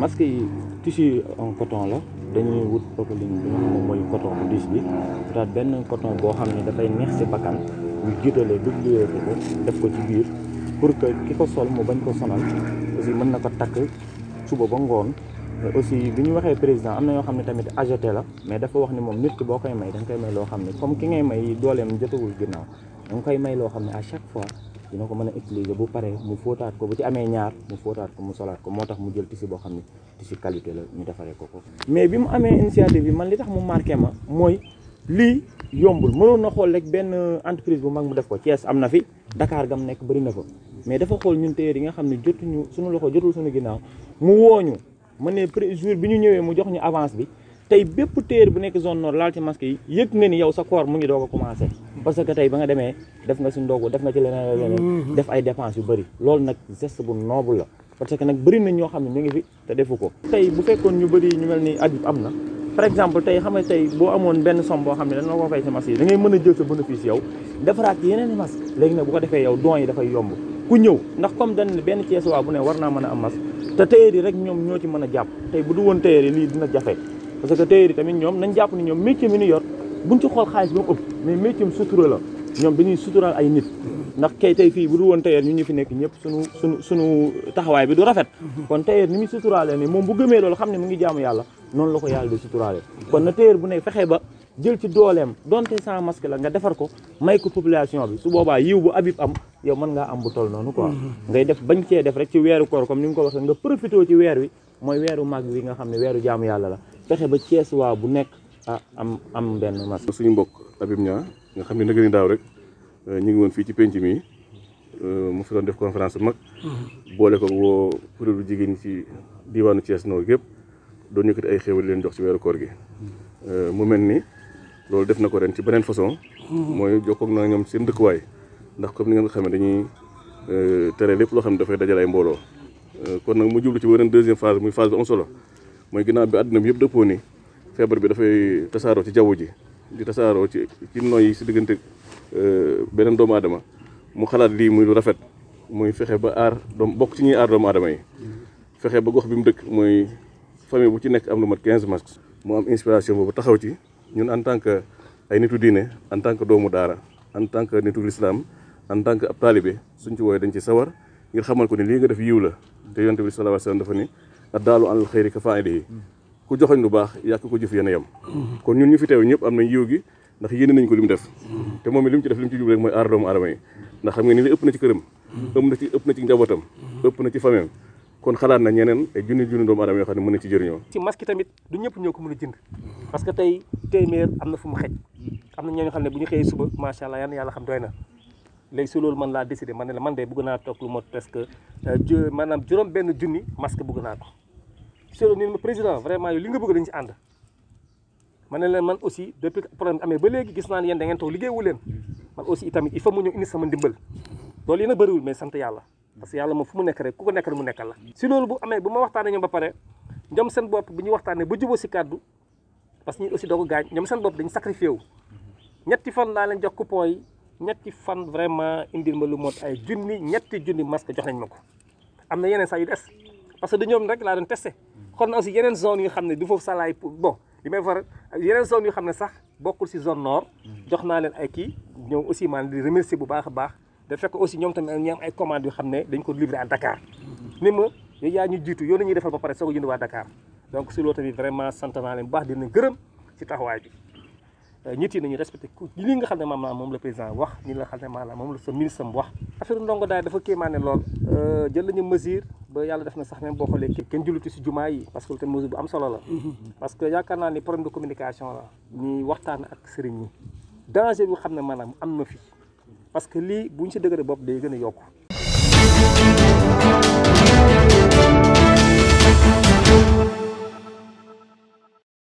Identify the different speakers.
Speaker 1: masque yi tissu en coton la dañuy wut popeline bi nga xam ne coton bu diis bi peut être benn coton boo xam ne dafay neex si bakkan ñu jiitalee duplier ko def ko ci biir pour que ki ko sol mu bañ ko sonal aussi mën na ko takk suba ba ngoon mais aussi bi ñu waxee président am na yoo xam ne tamit AGT la mais dafa wax ni moom nit boo koy may da koy may loo xam ne comme ki ngay may dooleem jotagul ginnaaw da nga koy may loo xam ne à chaque fois dina ko mën a utiliser bu paree mu fóotaat ko bu ci amee ñaar mu fóotaat ko mu solaat ko moo tax mu jël tissu boo xam ne tissu qualité la ñu defaree ko ko. mais bi mu amee initiative bi man li tax mu marke ma mooy lii yombul mënoon na xool rek benn entreprise bu mag mu def ko Thiès am na fi Dakar mu nekk bëri na fa mais dafa xool ñun tailleur yi nga xam ne jotuñu suñu loxo jotul suñu ginnaaw mu wooñu ma ne jour bi ñu ñëwee mu jox ñu avance bi. tey bépp téer bu nekk zone nord laal ci masque yi yëg nga ni yow sa koor mu ngi doo a commencé parce que tey ba nga demee def nga si ndogu def nga ci leneen leneen mhm. def ay dépenses yu bëri loolu nag geste bu noobu la parce que nag bëri na ñoo xam ne ñu ngi fi te defu ko tey bu fekkoon ñu bëri ñu mel ni Habib am na par exemple tey xam nga tey boo amoon benn some boo xam ne dana ko fay si masque mën a jël sa bénéfice yow defaraat ci yeneen i masque léegi nag bu ko defee yow don yi dafay yomb ku ñëw ndax comme dañ benn Cees waa bu ne war naa mën a am masque te téer rek ñoom ñoo ci mën a jàpp tey bu du woon lii dina jafe parce que tailleur yi tamit ñoom nañ jàpp ni ñoom métier mi ñu yor buñ ci xool xaalis ba mu ëpp mais métier mi sutura la ñoom dañuy suturaal ay nit ndax kay tey fii bu dul woon tailleur ñu ñu fi nekk ñëpp suñu suñu suñu taxawaay bi du rafet kon tailleur ni mu suturaalee ni moom bu gëmee loolu xam ne mu ngi jaamu yàlla noonu la ko yàlla di suturaalee kon na tailleur bu nekk fexe ba jël ci dooleem donte sans masque la nga defar ko may ko population bi su boobaa yiw bu Habib am yow mën ngaa am bu toll noonu quoi mm-hmm. ngay def bañ cee def rek ci weeru koor comme ni nga ko waxee nga profité ci weer wi mooy weeru màgg wi nga xam ne weeru jaamu yàlla la fexe ba Thiès waa
Speaker 2: bu nekk ah am am benn masque. suñu mbokk Habib ñaa nga xam ne nag daal rek euh, ñu ngi woon fii ci penc mi euh, mu fi doon def conférence mag. Mm-hmm. boole ko woo kuréelu jigéen ñi ci diwaanu Thiès Nord gépp doon yëkkati ay xéwal leen jox ci weeru koor gi. Euh, mu mel ni loolu def na ko ren ci beneen façon. Mm-hmm. mooy jokkoog na ñoom seen dëkkuwaay ndax comme ni nga xam ne dañuy tere lépp loo xam ne dafay dajal ay mbooloo. kon nag mu jublu ci beneen deuxième phase muy phase bu solo. moy ginaaw bi adunaam yeb deppo ni feebar bi da fay tassaro ci jaww ji di tassaro ci ci noy ci digeunte euh benen doom adama mu xalaat li muy lu rafet muy fexé ba ar doom bok ci ñi ar doom adama yi fexé ba gox bi mu dekk mooy famille bu ci nek am lu mat 15 masques mu am inspiration boobu taxaw ci ñun en tant que ay nitu diine en tant que doomu daara en tant que nitu l'islam en tant que ab taalibe suñ ci woy dañ ci sawar ngir xamal ko ni li nga def yiw la te yantabi sallallahu alayhi wasallam dafa ni ak daalu anal xëyri ka faalihi ku joxoñ lu baax yàq ko jëf yéen a kon ñun ñu fi teew ñëpp am nañ yiw gi ndax yéene nañ ko li mu def te moom li mu ci def li mooy aar doomu aadama yi ndax ëpp na ci këram ëpp na na ci njabootam ëpp na ci famem kon xalaat na ñeneen ay junni junni doomu aadama yoo xam ne mën na ci jëriñoo
Speaker 3: ci masque tamit ñëpp ñoo ko mën a jënd parce na fu mu xej am na ñoo xam ne bu ñu xëyee suba macha allah na yàlla xam doy na léegi su loolu man laa décidé man ne la man de bëgg naa toog lu mot presque euh, maanaam juróom benn junni masque bëgg naa ko selon ni président vraiment li nga bëgg dañ ci and mané len man aussi depuis problème amé ba légui gis naa ne yéen da ngeen toog wu len man aussi itamit il faut mu ñu indi sama ndimbal loolu yéen a bëriwul mais sante yalla parce que yàlla moom fu mu nekk rek ku ko nekk mu nekkal la si loolu bu amé bu ma waxtane ñu ba paré ñom seen bop bu ñu waxtane bu jibo ci cadeau parce que ñun aussi dogu gañ ñom ñoom seen bopp dañu sacrifié wu ñetti fan la leen jox coupon yi ñetti fan vraiment indi ma lu mot ay jooni ñetti jooni masque jox nañ mako amna am na yeneen saa yu dess parce que du ñoom rek la doon tester kon aussi yeneen zone yu xam ne du foofu salaay bon li may faral yeneen zone yu xam ne sax bokkul si zone nord jox naa leen ay kii ñoom aussi maa di remercier bu baax a baax da fekk aussi ñoom tamit ñu am ay commandes yu xam ne dañ ko livré à Dakar ni ma yaa ñu jiitu yow la ñuy defal ba pare soo ko jënd waa dakaar donc si loolu tamit vraiment sant naa leen bu baax dina gërëm si taxawaay bi Euh, ñit yi nañu respecté li nga xam ne maanaam moom la président wax ñi nga xam ne maanaam moom la sa ministre am wax affaire ndongo daay dafa kéemaane lool euh, jël nañu mesure ba yàlla def na sax même boo xoolee kenn jullitu si jumaa yi parce que tamit mesure bu am solo la parce que yaakaar naa ni problème de communication la ñuy waxtaan ak sëriñ ñi danger bi xam ne maanaam am na fi parce que lii bu ñu si dëgëree bopp day gën a yokku